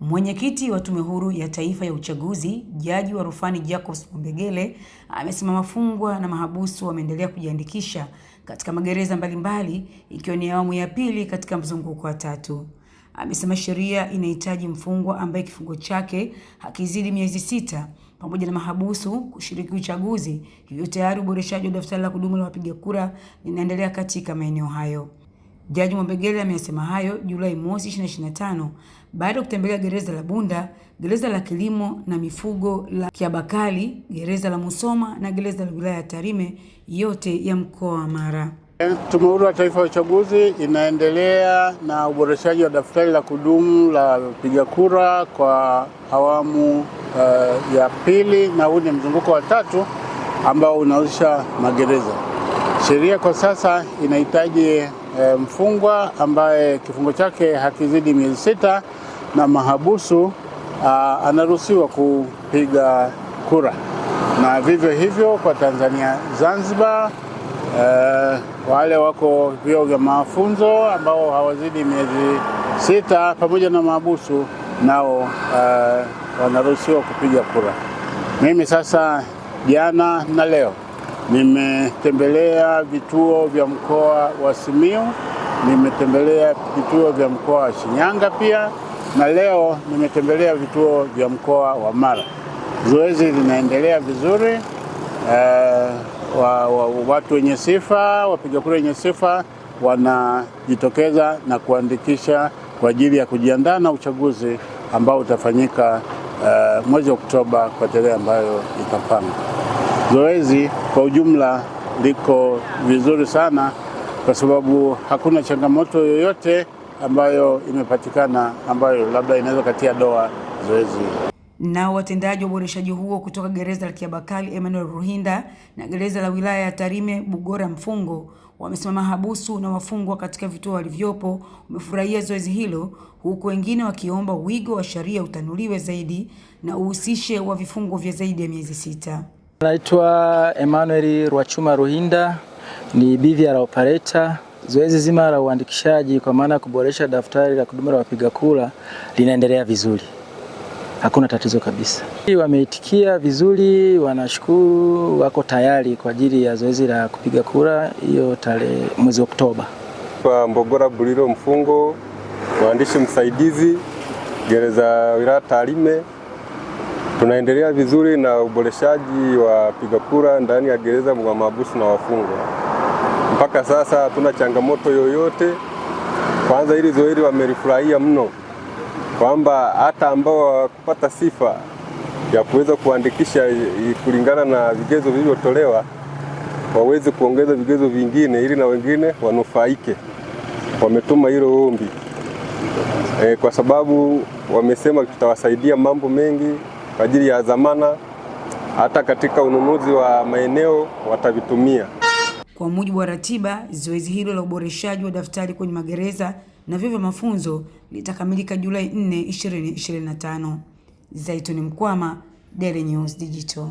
Mwenyekiti wa Tume Huru ya Taifa ya Uchaguzi, Jaji wa Rufani Jacobs Mwambegele amesema mafungwa na mahabusu wameendelea kujiandikisha katika magereza mbalimbali ikiwa ni awamu ya pili katika mzunguko wa tatu. Amesema sheria inahitaji mfungwa ambaye kifungo chake hakizidi miezi sita pamoja na mahabusu kushiriki uchaguzi, hivyo tayari uboreshaji wa daftari la kudumu la wapiga kura linaendelea katika maeneo hayo. Jaji Mwambegele ameyasema hayo Julai mosi 2025 baada ya kutembelea gereza la Bunda, gereza la kilimo na mifugo la kiabakali gereza la Musoma na gereza la wilaya ya Tarime yote ya mkoa wa Mara. Tume Huru ya Taifa ya Uchaguzi inaendelea na uboreshaji wa daftari la kudumu la piga kura kwa awamu uh, ya pili, na huu ni mzunguko wa tatu ambao unahusisha magereza. Sheria kwa sasa inahitaji e, mfungwa ambaye kifungo chake hakizidi miezi sita na mahabusu a, ah, anaruhusiwa kupiga kura, na vivyo hivyo kwa Tanzania Zanzibar e, wale wako vyuo vya mafunzo ambao hawazidi miezi sita pamoja na mahabusu nao e, wanaruhusiwa kupiga kura. Mimi sasa jana na leo Nimetembelea vituo vya mkoa wa Simiyu, nimetembelea vituo vya mkoa wa Shinyanga pia na leo nimetembelea vituo vya mkoa wa Mara. Zoezi linaendelea vizuri. E, wa, wa, watu wenye sifa, wapiga kura wenye sifa wanajitokeza na kuandikisha kwa ajili ya kujiandaa na uchaguzi ambao utafanyika eh, mwezi Oktoba kwa tarehe ambayo itapangwa zoezi kwa ujumla liko vizuri sana, kwa sababu hakuna changamoto yoyote ambayo imepatikana ambayo labda inaweza katia doa zoezi. Nao watendaji wa uboreshaji huo kutoka gereza la kiabakali Emmanuel Ruhinda na gereza la wilaya ya Tarime Bugora Mfungo wamesema mahabusu na wafungwa katika vituo walivyopo wamefurahia zoezi hilo, huku wengine wakiomba wigo wa sheria utanuliwe zaidi na uhusishe wa vifungo vya zaidi ya miezi sita. Naitwa Emmanuel Rwachuma Ruhinda, ni BVR operator. Zoezi zima la uandikishaji kwa maana ya kuboresha daftari la kudumu la wapiga kura linaendelea vizuri, hakuna tatizo kabisa. Wameitikia vizuri, wanashukuru, wako tayari kwa ajili ya zoezi la kupiga kura hiyo tarehe mwezi Oktoba. Kwa Mbogora Bulilo Mfungo, mwandishi msaidizi gereza wilaya Tarime. Tunaendelea vizuri na uboreshaji wa piga kura ndani ya gereza mwa mahabusu na wafungwa. Mpaka sasa hatuna changamoto yoyote. Kwanza hili zoezi wamelifurahia mno, kwamba hata ambao wakupata sifa ya kuweza kuandikisha kulingana na vigezo vilivyotolewa waweze kuongeza vigezo vingine ili na wengine wanufaike. Wametuma hilo ombi e, kwa sababu wamesema tutawasaidia mambo mengi kwa ajili ya dhamana, hata katika ununuzi wa maeneo watavitumia. Kwa mujibu wa ratiba, zoezi hilo la uboreshaji wa daftari kwenye magereza na vyuo vya mafunzo litakamilika Julai 4, 2025. Zaituni Mkwama, Daily News Digital.